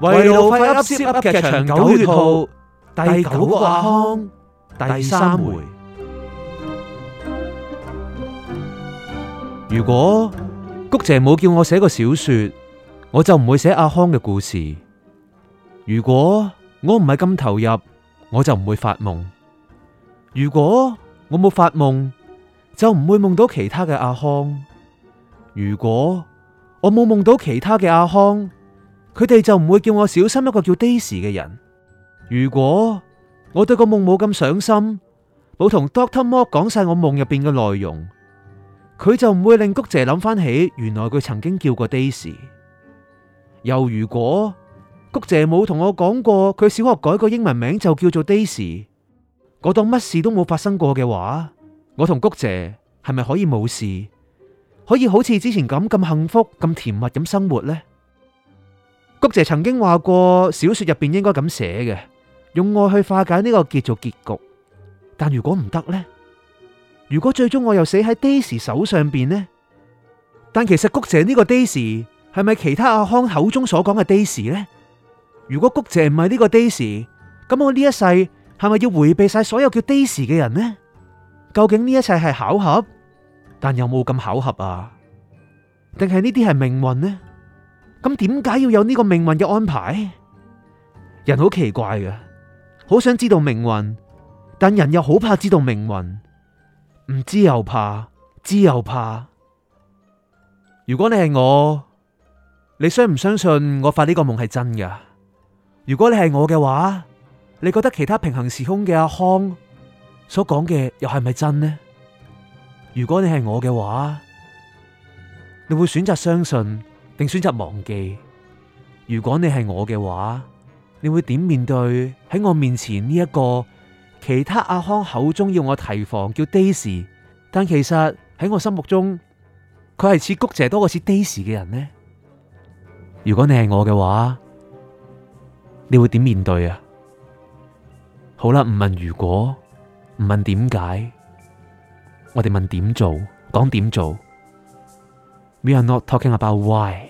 《圍爐快吸吸吸劇場》九月號，第九個阿康第三回。如果菊姐冇叫我寫個小說，我就唔會寫阿康嘅故事。如果我唔係咁投入，我就唔會發夢。如果我冇發夢，就唔會夢到其他嘅阿康。如果我冇夢到其他嘅阿康，佢哋就唔會叫我小心一個叫 Daisy 嘅人。如果我對個夢冇咁上心，冇同 Doctor Mark 講晒我夢入邊嘅內容，佢就唔會令菊姐諗翻起原來佢曾經叫過 Daisy。又如果菊姐冇同我講過佢小學改個英文名就叫做 Daisy，我當乜事都冇發生過嘅話，我同菊姐係咪可以冇事，可以好似之前咁咁幸福、咁甜蜜咁生活呢？菊姐曾經話過，小說入邊應該咁寫嘅，用愛去化解呢個叫做結局。但如果唔得呢？如果最終我又死喺 Daisy 手上邊呢？但其實菊姐呢個 Daisy 係咪其他阿康口中所講嘅 Daisy 呢？如果菊姐唔係呢個 Daisy，咁我呢一世係咪要回避晒所有叫 Daisy 嘅人呢？究竟呢一切係巧合，但有冇咁巧合啊？定係呢啲係命運呢？」咁點解要有呢個命運嘅安排？人好奇怪嘅，好想知道命運，但人又好怕知道命運，唔知又怕，知又怕。如果你係我，你相唔相信我發呢個夢係真噶？如果你係我嘅話，你覺得其他平行時空嘅阿康所講嘅又係咪真呢？如果你係我嘅話，你會選擇相信？並選擇忘記。如果你係我嘅話，你會點面對喺我面前呢、這、一個其他阿康口中要我提防叫 Daisy，但其實喺我心目中佢係似菊姐多過似 Daisy 嘅人呢？如果你係我嘅話，你會點面對啊？好啦，唔問如果，唔問點解，我哋問點做，講點做。We are not talking about why。